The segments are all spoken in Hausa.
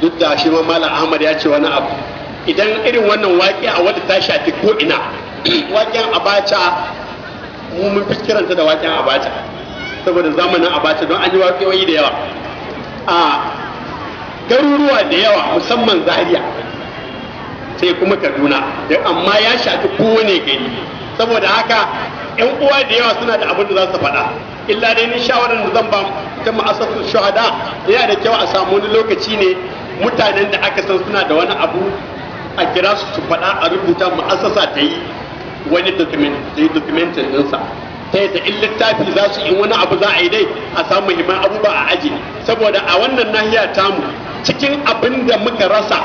duk da shi ma malam ahmad ya ce wani abu idan irin wannan waƙi a wata ta shafi ko ina waƙen abaca mu mun fi kiranta da waƙen abaca saboda zamanin abaca don an yi waƙoƙi da yawa a garuruwa da yawa musamman zaria sai kuma kaduna amma ya shafi kowane gari saboda haka yan uwa da yawa suna da abin da za su faɗa illa dai ni shawarar da zan ba ta ma'asar shuhada yana da kyau a samu wani lokaci ne mutanen da aka san suna da wani abu a kira su su faɗa a rubuta ma'asasa ta yi wani dokumentin ɗinsa ta yadda in littafi za su in wani abu za a yi dai a samu muhimman abubuwa a aji saboda a wannan nahiya tamu cikin abin da muka rasa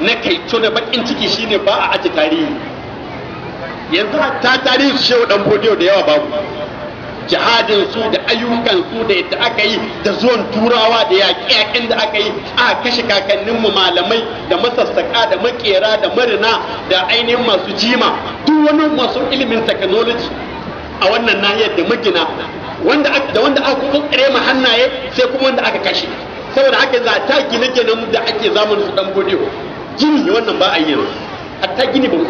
na kai tuna bakin ciki shine ba a aji tarihi yanzu ta tarihi su shewa dan bodiyo da yawa babu jihadin su da ayyukan su da yadda aka yi da zuwan turawa da yaƙe-yaƙen da aka yi a kashe kakanninmu malamai da masassaka da makera da marina da ainihin masu jima duk wani masu ilimin technology a wannan nahiyar da magina da wanda aka kokare ma hannaye sai kuma wanda aka kashe saboda haka za ta gine-ginen da ake zamanin su dan godiyo gini wannan ba a yi hatta gini ba mu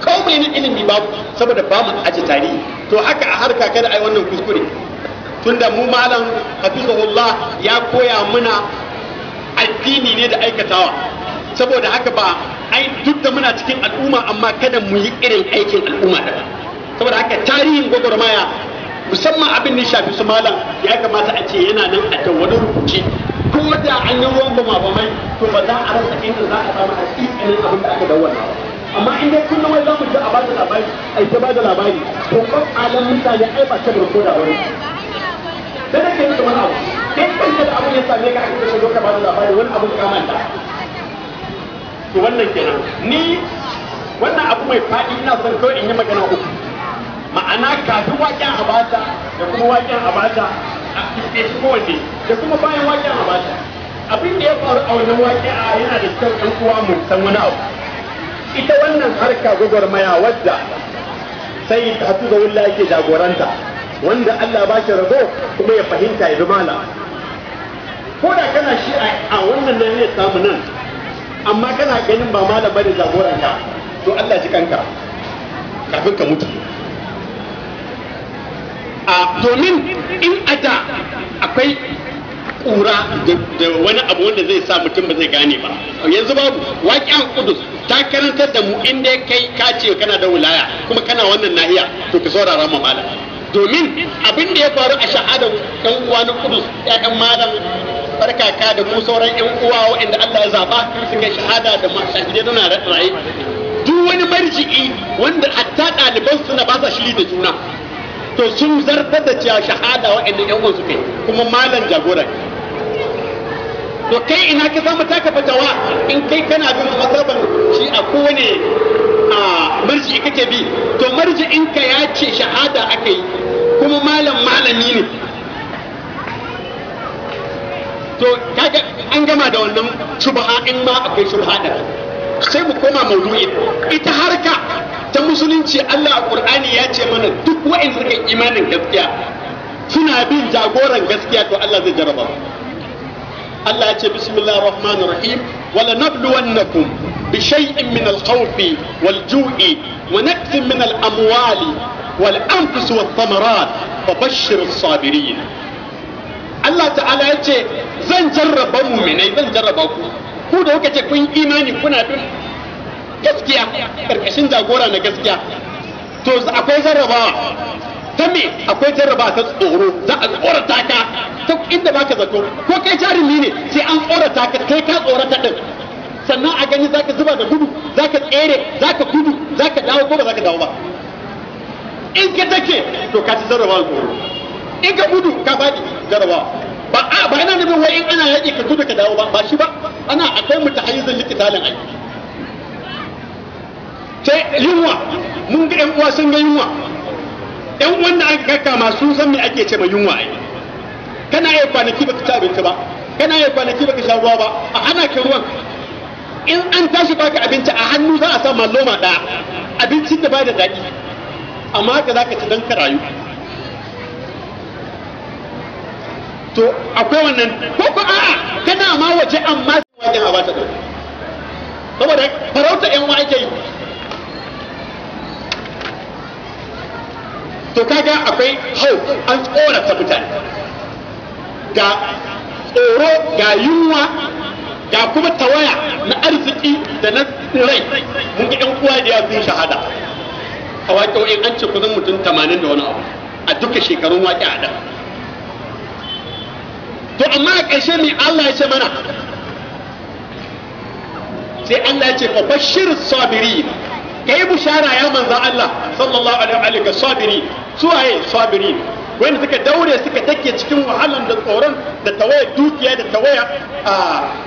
kawai na ilimi babu saboda ba mu aje tarihi to haka a harka kada ai wannan kuskure tunda mu malam hafizahullah ya koya muna addini ne da aikatawa saboda haka ba ai duk da muna cikin al'umma amma kada mu yi irin aikin al'umma da saboda haka tarihin gwagwarmaya musamman abin da shafi su malam ya kamata a ce yana nan a wani rubuce ko da an yi ruwan ba bamai to ba za a rasa inda za a samu a abin da aka dawo ba amma in dai kullum wai za mu ji a bada labari ai ta bada labari to kan alam mutane ai ba ta barko da wani dan da ke yi wani abu in kanka da abu ya same ka cikin shigo ka bada labari wani abu ka manta to wannan kenan ni wannan abu mai fadi ina son kawai in yi magana uku ma'ana kafin waƙen abata da kuma waƙen abata a fiske shi kowanne da kuma bayan waƙen abata abin da ya faru a wannan waƙe a yana da kyau ɗan uwa mu san wani abu ita wannan harka gwagwarmaya wadda sai hatu da wulla yake jagoranta wanda Allah ba shi rabo kuma ya fahimta ya zumala ko da kana shi a wannan nan ne samu nan amma kana ganin ba malam bane jagoranta to Allah ji kanka kafin ka mutu a domin in ada akwai kura da wani abu wanda zai sa mutum ba zai gane ba yanzu babu an kudus ta karantar da mu inda kai ka ce kana da wilaya kuma kana wannan nahiya to ka saurara ma malam domin abin da ya faru a shahadar ɗan uwa na kudus ƴaƴan malam barkaka da mu sauran ƴan uwa waɗanda Allah ya zaba suka shahada da shahidai na raye duk wani marji'i wanda hatta ɗaliban suna ba sa shiri da juna to sun zartar da cewa shahada waɗanda ƴan uwan kai kuma malam jagora to kai ina ka samu taka fatawa in kai kana bin mazhaban shi a kowane a marji kake bi to marji in ka ya ce shahada aka yi kuma malam malami ne to kaga an gama da wannan shubha in ma akwai shubha da sai mu koma maudu'i ita harka ta musulunci Allah a Qur'ani ya ce mana duk wa'in suka imanin gaskiya suna bin jagoran gaskiya to Allah zai jarraba Allah ya ce bismillahir rahman rahim wala nabluwannakum bi shay'in min al-khawfi wal-ju'i wa naqsin min al-amwali wal-anfusi wath-thamarat fabashshir as-sabirin Allah ta'ala ya ce zan jarraba mu'minai zan jarraba ku ku da kuka ce kun imani kuna bin gaskiya karkashin jagora na gaskiya to akwai jarrabawa dan me akwai jarraba ta tsoro za a tsorata ka ta inda baka zato ko kai jarumi ne sai an tsorata ka kai ka tsorata din sannan a gani zaka zuba da gudu zaka tsere zaka gudu zaka dawo ko ba zaka dawo ba in ka take to ka ci jarraba tsoro in ka gudu ka faɗi jarraba ba a ba ina nufin wai in ana yaƙi ka gudu ka dawo ba ba shi ba ana akwai mutahayyizin likitalin aiki sai yunwa mun ga yan uwa sun ga yunwa yan wanda aka kakka masu san me ake ce ma yunwa ai kana iya kwanaki baka ci abinci ba kana iya kwanaki baka sha ruwa ba a hana ka ruwan in an tashi baka abinci a hannu za a sa ma loma ɗaya abincin da ba da daɗi amma ka za ka ci don ka rayu to akwai wannan ko ko a'a kana ma waje amma wajen a ba ta saboda farauta yan wa ake yi to kaga akwai hau an ta mutane ga tsoro ga yunwa ga kuma tawaya na arziki da na rai mun ga yan uwa da sun shahada a waƙe an ce kusan mutum tamanin da wani abu a duka shekarun waƙe a da to amma a ƙarshe mai Allah ya ce mana sai Allah ya ce fa bashir sabirin Ka kai bushara ya manzan Allah sallallahu alaihi wa sabiri suwaye sabiri wanda suka daure suka take cikin wahalan da tsoron da tawaya dukiya da tawaya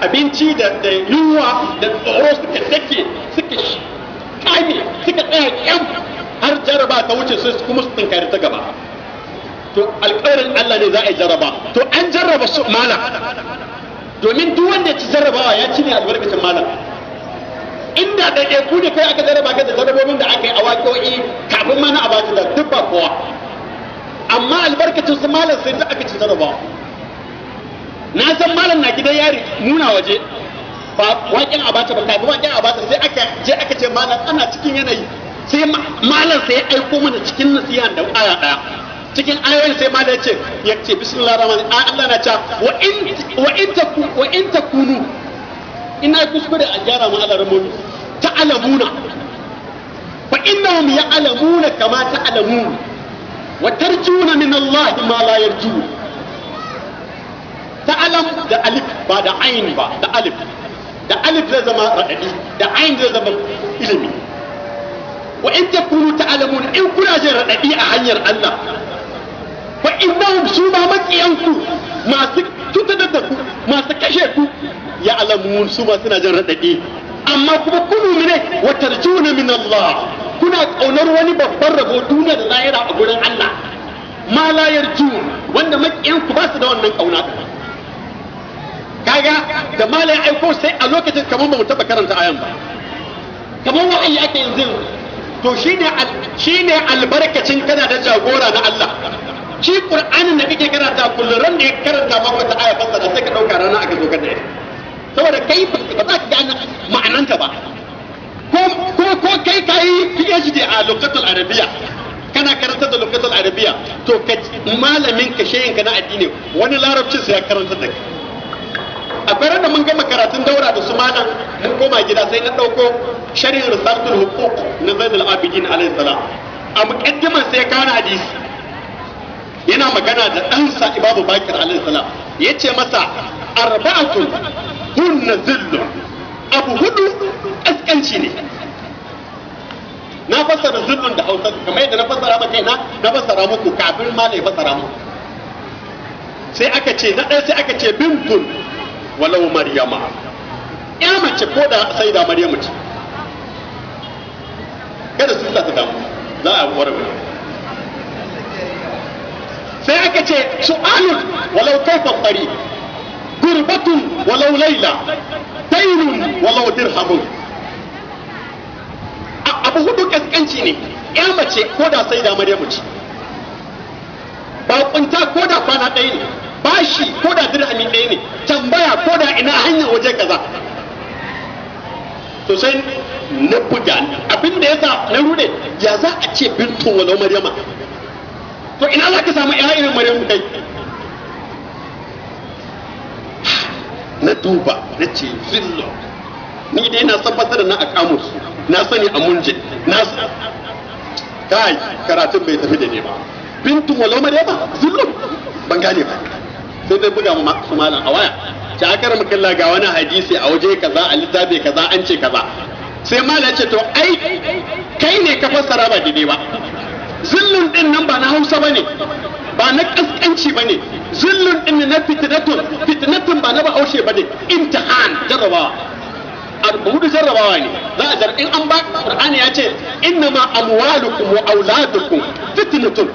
abinci da yunwa da tsoro suka take suka kame suka tsaya kyan har jaraba ta wuce sai kuma su tunkari ta gaba to alƙawarin Allah ne za a yi jaraba to an jarraba su malam domin duk wanda ya ci jarrabawa ya ci ne albarkacin malam inda ɗaiɗaiku ne kai aka zara ka da zarabobin da aka yi a waƙoƙi kafin mana a baki da duk ba kowa amma albarkacin su malam sai ta aka ci zaraba na san malam na gidan yari nuna waje ba waƙin abata ba kafin waƙin abata sai aka je aka ce malam ana cikin yanayi sai malam sai ya aiko mana cikin nasiha da aya daya cikin ayoyin sai malam ya ce ya ce bismillahir rahmanir Allah na ce wa in wa in takunu ina kuskure a gyara mu ala ramomi ta alamuna fa innahum ya alamuna kama ta alamuna wa tarjuna min Allah ma la yarju ta alam da alif ba da ain ba da alif da alif zai zama radadi da ain zai zama ilimi wa in takunu ta'lamun in kuna jin radadi a hanyar Allah fa innahum su ma ku, masu tutar da ku masu kashe ku ya alamun su ba suna jin raɗaɗi amma kuma kunu mine wa tarjuna min Allah kuna kaunar wani babban rabo duniya da zahira a gurin Allah ma la yarju wanda ku ba su da wannan kauna kaga da malai aiko sai a lokacin kamar ba mu taba karanta ayan ba kamar wa'ayi ake yanzu to shine shine albarkacin kana da jagora na Allah shi qur'anin da kake karanta kullum ran da ya karanta maka wata aya fassara sai ka dauka rana aka zo kada saboda kai ba za ka gane ma'ananta ba ko ko ko kai kai PhD a lokacin arabiya kana karanta da lokacin arabiya to ka malamin ka shehin ka na addini wani larabcin sai ya karanta da kai akwai ranar mun gama karatun daura da su malam mun koma gida sai na dauko sharhin risaltul huquq na zainul abidin alayhi salam a muqaddimar sai kana hadisi yana magana da ɗansa ibabu bakir alaihi salam ya ce masa arba'atu hunna zillu abu hudu ƙasƙanci ne na fassara zillun da hausa kamar yadda na fassara ba kaina na fassara muku kafin ma ya fassara muku sai aka ce na ɗaya sai aka ce bintun walau maryama ya mace ko da sai da maryamu ce kada su ta damu za a warware sai aka ce su'alun walau kaifa tsari gurbatun walau laila dairun walau dirhamun abu hudu ƙasƙanci ne ya mace ko da sai da maryamu ce Baƙunta ko da kwana ɗaya ne bashi ko da dirhamin ɗaya ne tambaya ko da ina hanyar waje kaza to sai na buga abin da ya sa na rude ya za a ce bintun walau maryama to ina za ka samu ƴaƴa irin maryamu kai na duba na ce zillo ni dai na san fasara na akamus na sani a munje na kai karatun bai tafi da ne ba bintun walau ba zillo ban gane ba sai dai buga mu su malam a waya ta akar mukalla ga wani hadisi a waje kaza a littafi kaza an ce kaza sai malam ya ce to ai kai ne ka fassara ba daidai ba zullun din nan ba na hausa ba ne ba na kaskanci ba ne zullun din na fitnatun fitnatun ba na bahaushe ba ne imtihan jarrabawa al'ummar jarrabawa ne za a zargin an ba qur'ani ya ce ma amwalukum wa auladukum fitnatun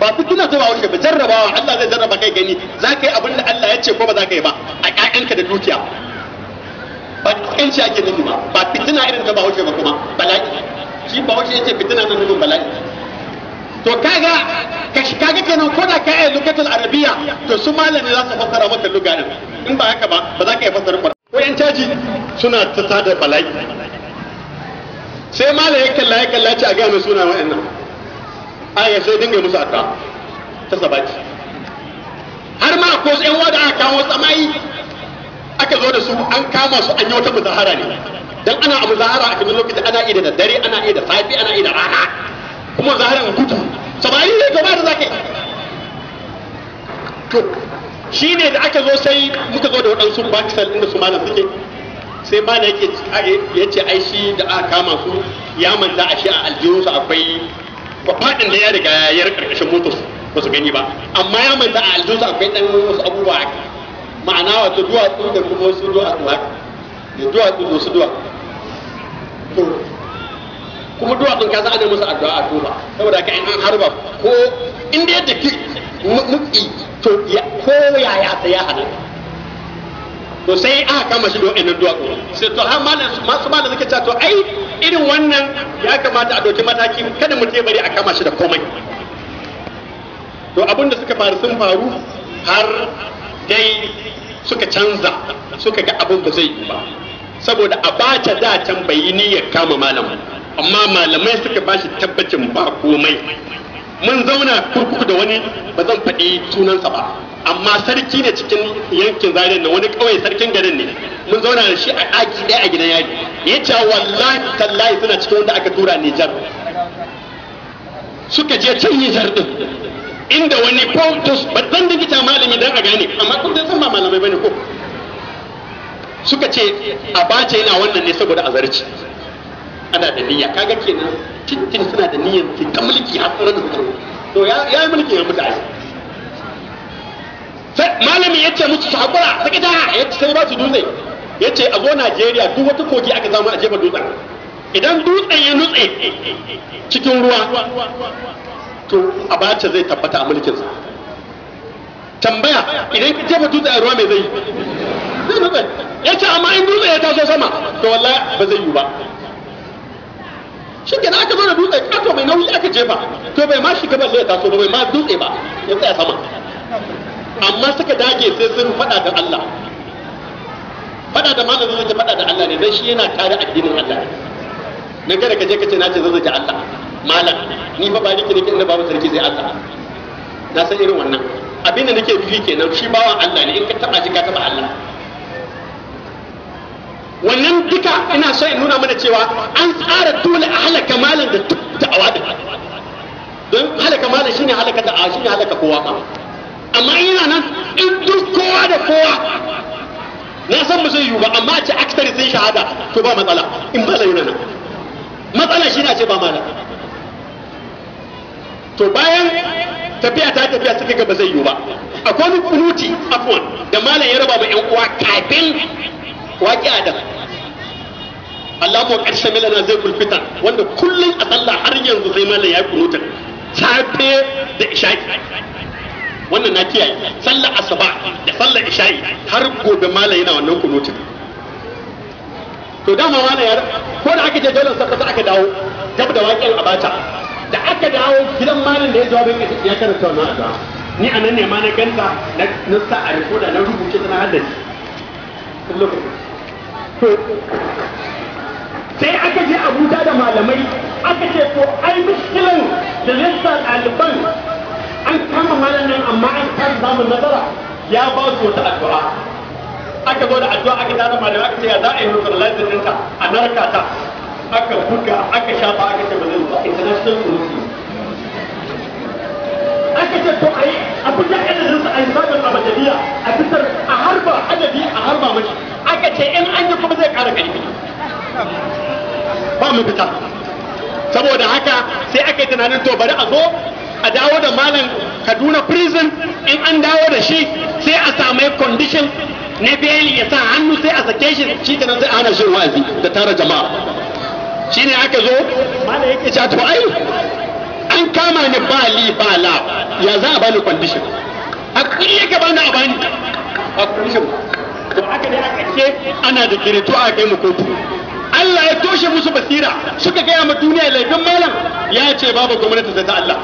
ba fitina ta haushe ba jarrabawa Allah zai jarraba kai gani za ka yi abin da Allah ya ce ko ba za ka yi ba a ƴaƴanka da dukiya ba kanci ake nufi ba ba fitina irin ta bahaushe ba kuma bala'i shi ba ya ce fitina na nufin bala'i to kaga kaga kenan ko da ka yi lugatul arabiya to su malami za su fassara maka lugha din in ba haka ba ba za ka iya fassara qur'ani ko yan caji suna ta tada bala'i sai malami ya kalla ya kalla ce a ga mai suna wa'annan aya sai dinga musu addu'a ta sabati har ma ko sai wanda aka kawo tsamai aka zo da su an kama su an yi wata muzahara ne dan ana a muzahara a kan lokacin ana iya da dare ana iya da safi ana iya da rana kuma zaharan to shi ne da aka zo sai muka zo da waɗansu kisar inda su malam suke sai ba yake ya ce ai shi da aka kama su ya manta a shi a aljihunsu akwai faɗin da ya riga ya yar ƙarƙashin motar ba su gani ba amma ya manta a aljihunsu akwai ɗan wasu abubuwa haka ma'ana wato duwatsu da kuma wasu duwatsu haka da duwatsu da wasu duwatsu to kuma duwatsun ka za a musu addu'a a tuba saboda ka in an harba ko inda yadda yadda muki to ya, ko yaya ta ya hada to sai a kama shi don ɗanin duwatsu sai to har masu malam suke cewa to ai irin wannan ya kamata a dauki mataki kada mu bari a kama shi da komai to abin da suka faru sun faru har dai suka canza suka ga abin ba zai yi ba saboda a bata da can bai niyyar kama malam amma malamai suka bashi tabbacin ba komai mun zauna kurkuku da wani ba zan faɗi sunansa ba amma sarki ne cikin yankin zaria na wani kawai sarkin garin ne mun zauna da shi a ɗaki ɗaya a gidan yari ya ce wallahi tallahi suna cikin wanda aka tura Nijar suka je can Nijar din inda wani Pontus ba zan digita malami dan a gane amma kun san ba malamai bane ko suka ce a bace yana wannan ne saboda azarci ana da niyya kaga kenan tintin suna da niyyar ki ta mulki har tsoron da suka to ya yi mulki ya Sai malami ya ce musu su haƙura saki ta ya ce sai ba su dutse ya ce a zo najeriya duk wata kogi aka zama a jefa dutsen idan dutsen ya nutse cikin ruwa to a bace zai tabbata a mulkin sa tambaya idan ka jefa dutse a ruwa mai zai yi ya ce amma in dutse ya taso sama to wallahi ba zai yi ba shi ke aka zo da dutse kato mai nauyi aka jefa to bai ma shiga ballo ya taso ba bai ma dutse ba ya tsaya sama amma suka dage sai sun faɗa da Allah faɗa da malamin wanda faɗa da Allah ne dan shi yana a addinin Allah na kada ka je ka ce na ce zazzaje Allah malam ni fa ba nake nake inda babu sarki sai Allah na san irin wannan abin da nake nufi kenan shi bawan Allah ne in ka taba shi ka taba Allah wannan duka ina so in nuna mana cewa an tsara dole a halaka malam da duk da'awa da don halaka malam shine halaka da'awa shine halaka kowa ma amma ina nan in duk kowa da kowa na san ba zai yiwu ba amma a ce aksari sun shahada to ba matsala in ba yana nan matsala shine a ce ba malam to bayan tafiya ta tafiya suka ga ba zai yiwu ba akwai wani kunuti afwan da malam ya raba ma yan uwa kafin waƙi adam Allah mu ƙarshe zai kulfita wanda kullum a har yanzu ya safe da isha'i wannan na kiyaye sallar asuba da sallar isha'i har gobe malam yana wannan to dama ya ko da aka je dole sakata aka dawo gab da waƙin da aka dawo gidan malam da ya jawabin ya karanta wannan ni a nan ne ma na ganta na sa a rikoda na rubuce ta na sai aka je abuja da malamai aka ce ko ai miskilan da lissa ɗaliban an kama malam nan amma an kasa samun nazara ya ba su wata addu'a aka zo da addu'a aka tara malamai aka ce ya za a yi neutralizing ɗinta a narka ta aka buga aka shafa aka ce ba zai ba international solution aka ce to ai yi abuja ɗaya da lissa a yi zaɓin a a fitar a harba adabi a harba mashi aka ce in an yi kuma zai ƙara ƙarfi ba mu fita saboda haka sai aka yi tunanin to bari a zo a dawo da malam kaduna prison in an dawo da shi sai a samai condition na bayan ya sa hannu sai a sake shi shi kenan sai ana shi wa'azi da tara jama'a shi ne aka zo malam yake cewa to ai an kama ni ba li ba la ya za a bani condition a kulle ka bani a bani a condition to haka ne a ƙarshe ana da kireto a kai mu kotu Allah ya toshe musu basira suka gaya ma duniya laifin malam ya ce babu gwamnati sai ta Allah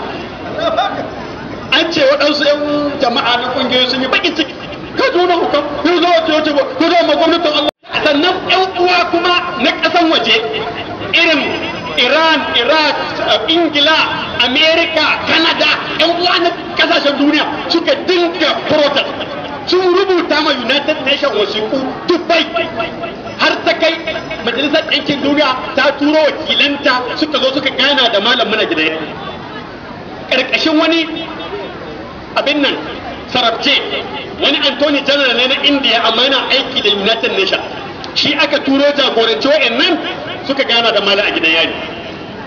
an ce waɗansu ƴan jama'a na ƙungiyoyi sun yi baƙin ciki ka zo na hukam ku zo wace wace ku zo ma gwamnatin Allah sannan ɗan uwa kuma na ƙasan waje irin Iran, Iraq, Ingila, Amerika, Canada, ɗan uwa na ƙasashen duniya suka dinga protest sun rubuta ma united nation wasiku dubai har ta kai majalisar ɗinkin duniya ta turo wakilanta suka zo suka gana da malam muna gida ƙarƙashin wani abin nan sarabce wani antony general ne na india amma yana aiki da united nation shi aka turo jagoranci nan suka gana da malam a gidan yari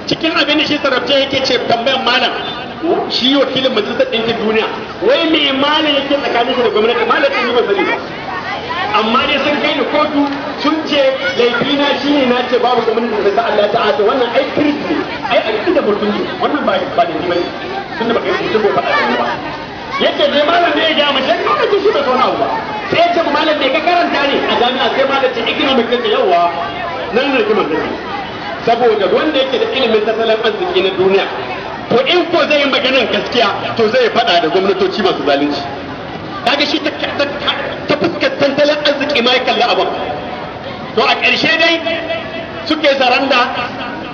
cikin abin da shi sarabce yake ce tambayan malam shi wakilin majalisar ɗinkin duniya wai me malin yake tsakanin shi da gwamnati malin yake ba sani amma ne sun kai ni kotu sun ce laifi na shi ne na ce babu gwamnati da sa Allah ta to wannan ai kirki ne ai aiki da mutum ne wannan ba ba da jima'i tunda ba kai sun ko faɗa ba yake dai malam ne ya ga mace kana ce shi ba sona na ba sai ce malam ne ka karanta ne a jami'a sai malam ce economic kake yawa nan ne kuma saboda wanda yake da ilimin tattalin arziki na duniya Ko in ko zai yi maganin gaskiya to zai faɗa da gwamnatoci masu zalunci kaga shi ta fuskar tattalin arziki ma ya kalli abu to a ƙarshe dai suke zaranda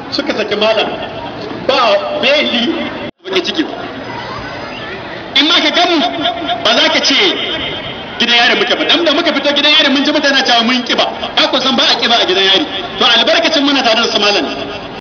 suka saki malam ba beli wake ciki in ma ka gamu ba za ka ce gidan yari muke ba dan da muka fito gidan yari mun ji mutane cewa mun kiba ka san ba a kiba a gidan yari to albarkacin muna tare da su malam